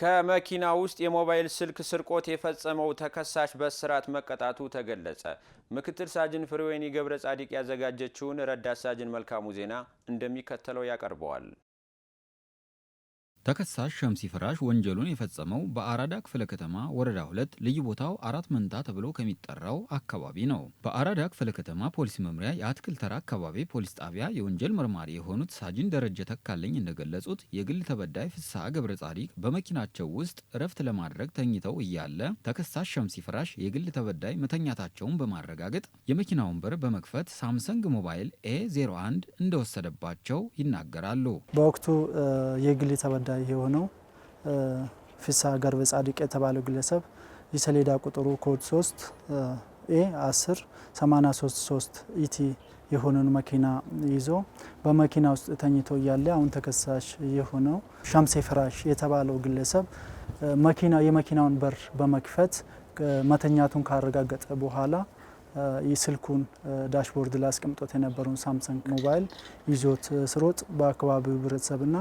ከመኪና ውስጥ የሞባይል ስልክ ስርቆት የፈጸመው ተከሳሽ በእስራት መቀጣቱ ተገለጸ። ምክትል ሳጅን ፍሬወይኒ ገብረ ጻዲቅ ያዘጋጀችውን ረዳት ሳጅን መልካሙ ዜና እንደሚከተለው ያቀርበዋል። ተከሳሽ ሸምሲ ፍራሽ ወንጀሉን የፈጸመው በአራዳ ክፍለ ከተማ ወረዳ ሁለት ልዩ ቦታው አራት መንታ ተብሎ ከሚጠራው አካባቢ ነው። በአራዳ ክፍለ ከተማ ፖሊስ መምሪያ የአትክልት ተራ አካባቢ ፖሊስ ጣቢያ የወንጀል መርማሪ የሆኑት ሳጅን ደረጀ ተካለኝ እንደገለጹት የግል ተበዳይ ፍስሐ ገብረ ጻዲቅ በመኪናቸው ውስጥ እረፍት ለማድረግ ተኝተው እያለ ተከሳሽ ሸምሲ ፍራሽ የግል ተበዳይ መተኛታቸውን በማረጋገጥ የመኪናውን በር በመክፈት ሳምሰንግ ሞባይል ኤ 01 እንደወሰደባቸው ይናገራሉ። በወቅቱ የግል ተበዳይ ተበዳይ የሆነው ፍስሐ ገርበ ጻድቅ የተባለው ግለሰብ የሰሌዳ ቁጥሩ ኮድ 3 ኤ 10 833 ኢቲ የሆነን መኪና ይዞ በመኪና ውስጥ ተኝቶ እያለ አሁን ተከሳሽ የሆነው ሻምሴ ፍራሽ የተባለው ግለሰብ መኪና የመኪናውን በር በመክፈት መተኛቱን ካረጋገጠ በኋላ ስልኩን ዳሽቦርድ ላይ አስቀምጦት የነበረውን ሳምሰንግ ሞባይል ይዞት ስሮጥ በአካባቢው ህብረተሰብና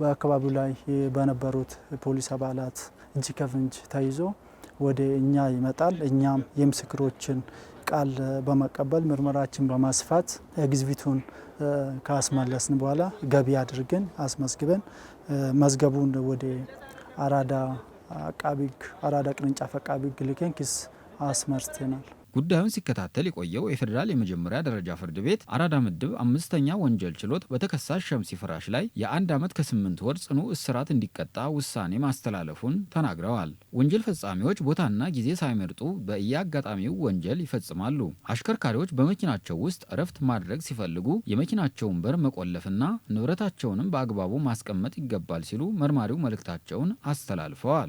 በአካባቢው ላይ በነበሩት ፖሊስ አባላት እጅ ከፍንጅ ተይዞ ወደ እኛ ይመጣል። እኛም የምስክሮችን ቃል በመቀበል ምርመራችን በማስፋት ግዝቢቱን ካስመለስን በኋላ ገቢ አድርገን አስመዝግበን መዝገቡን ወደ አራዳ አቃቢግ አራዳ ቅርንጫፍ አቃቢግ ልከን ክስ አስመርተናል። ጉዳዩን ሲከታተል የቆየው የፌዴራል የመጀመሪያ ደረጃ ፍርድ ቤት አራዳ ምድብ አምስተኛ ወንጀል ችሎት በተከሳሽ ሸምሲ ፍራሽ ላይ የአንድ ዓመት ከስምንት ወር ጽኑ እስራት እንዲቀጣ ውሳኔ ማስተላለፉን ተናግረዋል። ወንጀል ፈጻሚዎች ቦታና ጊዜ ሳይመርጡ በየአጋጣሚው ወንጀል ይፈጽማሉ። አሽከርካሪዎች በመኪናቸው ውስጥ እረፍት ማድረግ ሲፈልጉ የመኪናቸውን በር መቆለፍና ንብረታቸውንም በአግባቡ ማስቀመጥ ይገባል ሲሉ መርማሪው መልእክታቸውን አስተላልፈዋል።